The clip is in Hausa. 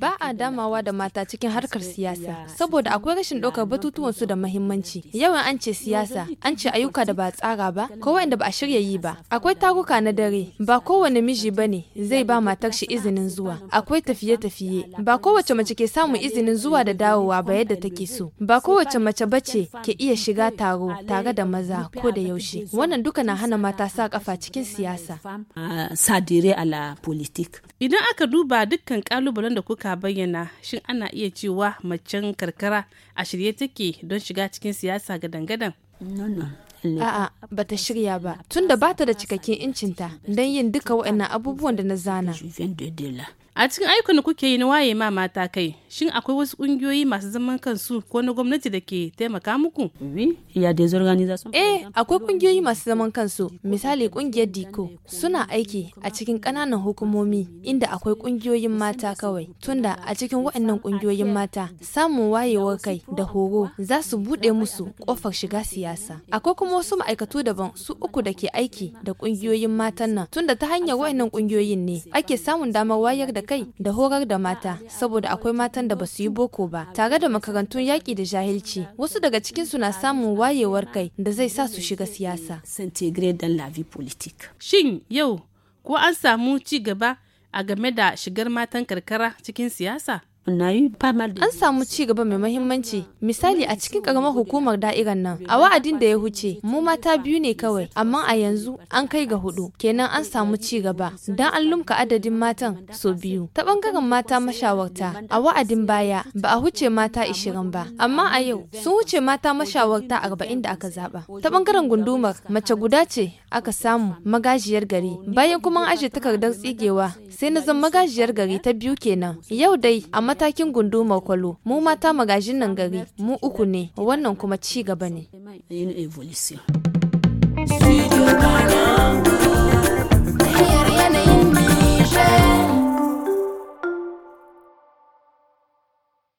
Ba a damawa da mata cikin harkar siyasa, saboda akwai rashin ɗaukar batutuwan su da mahimmanci. Yawan an ce siyasa, an ce ayyuka da ba tsara ba, ko wanda ba a shirya yi ba. Akwai taruka na dare, ba kowane miji bane zai ba matar shi izinin zuwa. Akwai tafiye-tafiye, ba kowace mace ke samun izinin zuwa da dawowa ba yadda take so. Ba kowace mace bace ce ke iya shiga taro tare da maza ko da yaushe. Wannan duka na hana mata sa kafa cikin siyasa. Sadire ala politique. idan aka duba dukkan kalubalen da kuka bayyana shin ana iya cewa macen karkara a shirye take don shiga cikin siyasa gadan-gadan A'a, ba ta shirya ba, tunda da ba ta da cikakken incinta don yin duka waɗannan abubuwan da na zana. A cikin ayyukan da kuke yi na waye ma mata kai, shin akwai wasu kungiyoyi masu zaman kansu ko na gwamnati da ke taimaka muku? Eh, akwai ƙungiyoyi masu zaman kansu, misali ƙungiyar Diko, suna aiki a cikin ƙananan hukumomi inda akwai ƙungiyoyin mata kawai. Tunda a cikin waɗannan kungiyoyin mata, samun wayewar kai da horo za su buɗe musu ƙofar shiga siyasa. Akwai kuma wasu ma'aikatu daban su uku da ke aiki da ƙungiyoyin matan nan, tunda ta hanyar waɗannan ƙungiyoyin ne ake samun damar wayar da kai da horar da mata saboda akwai matan da basu yi boko ba tare da makarantun yaƙi da jahilci wasu daga cikin su na samun wayewar kai da zai sa su shiga siyasa. Shin yau ko an samu ci gaba a game da shigar matan karkara cikin siyasa? An samu ci gaba mai mahimmanci. Misali a cikin karamar hukumar da'irar nan, a wa'adin da ya huce, mu mata biyu ne kawai, amma a yanzu an kai ga hudu. Kenan an samu ci gaba, don an lumka adadin matan so biyu. Ta bangaren mata mashawarta, a wa'adin baya ba a huce mata ishirin ba, amma a yau sun huce mata mashawarta arba'in da aka zaba. Ta bangaren gundumar, mace guda ce aka samu magajiyar gari. Bayan kuma an aje takardar tsigewa, sai na zan magajiyar gari ta biyu kenan. Yau dai a matakin gundu kwalo mu mata magajin nan gari mu uku ne wannan kuma ci gaba ne.